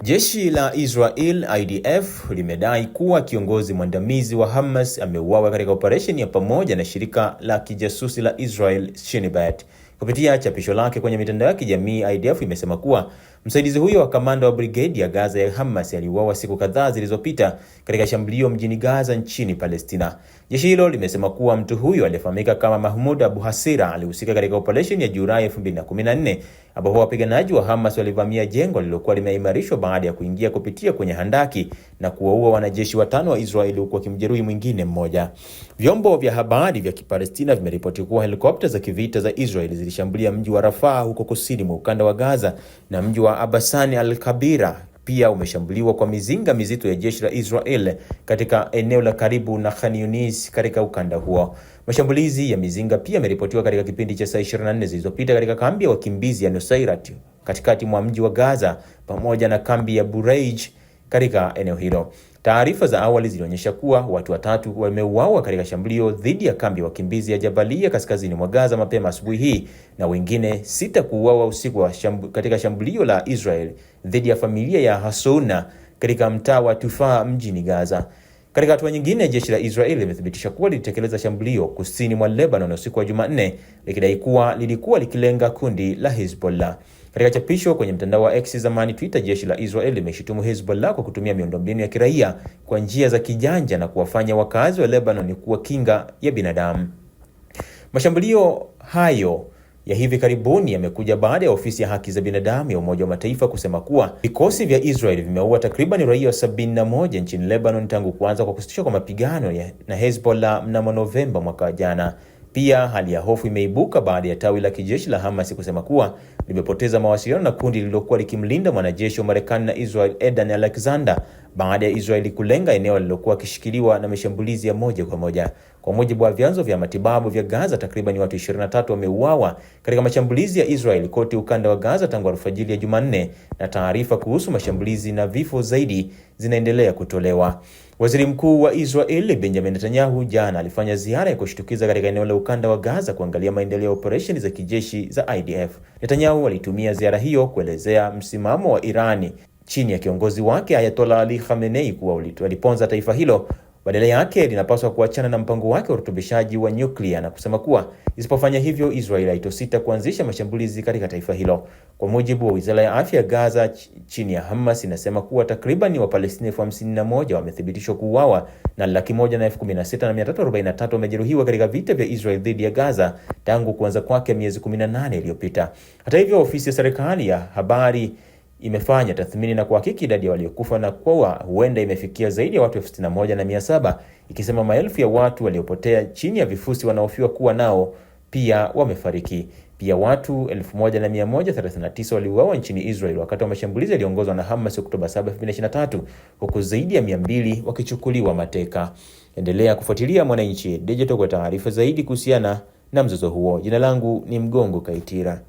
Jeshi la Israel IDF limedai kuwa kiongozi mwandamizi wa Hamas ameuawa katika operesheni ya pamoja na shirika la kijasusi la Israel Shin Bet. Kupitia chapisho lake kwenye mitandao ya kijamii, IDF imesema kuwa Msaidizi huyo wa kamanda wa brigedi ya Gaza ya Hamas aliuawa siku kadhaa zilizopita katika shambulio mjini Gaza nchini Palestina. Jeshi hilo limesema kuwa mtu huyo aliyefahamika kama Mahmoud Abu Hasira alihusika katika operesheni ya Julai 2014 ambapo wapiganaji wa Hamas walivamia jengo lililokuwa limeimarishwa baada ya kuingia kupitia kwenye handaki na kuwaua wanajeshi watano wa Israeli huku wakimjeruhi mwingine mmoja. Vyombo vya habari vya Kipalestina vimeripoti kuwa helikopta za kivita za Israeli zilishambulia mji wa Rafah huko kusini mwa ukanda wa Gaza na mji wa Abasani al-Kabira pia umeshambuliwa kwa mizinga mizito ya jeshi la Israel katika eneo la karibu na Khan Yunis katika ukanda huo. Mashambulizi ya mizinga pia yameripotiwa katika kipindi cha saa 24 zilizopita katika kambi ya wakimbizi ya Nusairat katikati mwa mji wa Gaza pamoja na kambi ya Bureij katika eneo hilo. Taarifa za awali zilionyesha kuwa watu watatu wameuawa katika shambulio dhidi ya kambi ya wakimbizi ya Jabalia kaskazini mwa Gaza mapema asubuhi hii na wengine sita kuuawa usiku shambu, katika shambulio la Israel dhidi ya familia ya Hassouna katika mtaa wa Tufaa mjini Gaza. Katika hatua nyingine, jeshi la Israel limethibitisha kuwa lilitekeleza shambulio kusini mwa Lebanon usiku wa Jumanne, likidai kuwa lilikuwa likilenga kundi la Hezbollah. Katika chapisho kwenye mtandao wa X zamani Twitter, jeshi la Israel limeshutumu Hezbollah kwa kutumia miundombinu ya kiraia kwa njia za kijanja na kuwafanya wakazi wa Lebanon kuwa kinga ya binadamu. Mashambulio hayo ya hivi karibuni yamekuja baada ya ofisi ya haki za binadamu ya Umoja wa Mataifa kusema kuwa vikosi vya Israel vimeua takriban raia 71 nchini Lebanon tangu kuanza kwa kusitishwa kwa mapigano na Hezbollah mnamo Novemba mwaka jana. Pia hali ya hofu imeibuka baada ya tawi la kijeshi la Hamas kusema kuwa limepoteza mawasiliano na kundi lililokuwa likimlinda mwanajeshi wa Marekani na Israel Edan Alexander baada ya Israeli kulenga eneo lililokuwa akishikiliwa na mashambulizi ya moja kwa moja. Kwa mujibu wa vyanzo vya matibabu vya Gaza, takriban watu 23 wameuawa katika mashambulizi ya israel kote ukanda wa Gaza tangu alfajili ya Jumanne, na taarifa kuhusu mashambulizi na vifo zaidi zinaendelea kutolewa. Waziri Mkuu wa Israeli Benjamin Netanyahu jana alifanya ziara ya kushtukiza katika eneo la ukanda wa Gaza kuangalia maendeleo ya operesheni za kijeshi za IDF. Netanyahu alitumia ziara hiyo kuelezea msimamo wa Irani chini ya kiongozi wake Ayatollah Ali Khamenei kuwa waliponza taifa hilo, badala yake linapaswa kuachana na mpango wake wa urutubishaji wa nyuklia na kusema kuwa isipofanya hivyo, Israel haitosita kuanzisha mashambulizi katika taifa hilo. Kwa mujibu wa Wizara ya Afya Gaza chini ya Hamas inasema kuwa takriban Wapalestina elfu hamsini na moja wamethibitishwa kuuawa na laki moja na elfu kumi na sita na mia tatu arobaini na tatu wamejeruhiwa katika vita vya Israel dhidi ya Gaza tangu kuanza kwake miezi 18 iliyopita. Hata hivyo, ofisi ya serikali ya habari imefanya tathmini na kuhakiki idadi ya waliokufa na kuwa huenda imefikia zaidi ya watu elfu na ikisema maelfu ya watu waliopotea chini ya vifusi wanaofiwa kuwa nao pia wamefariki. Pia watu 1139 waliuawa nchini Israel wakati wa mashambulizi yaliyoongozwa na Hamas Oktoba 7, 2023 huku zaidi ya 200 wakichukuliwa mateka. Endelea kufuatilia Mwananchi Digital kwa taarifa zaidi kuhusiana na mzozo huo. Jina langu ni Mgongo Kaitira.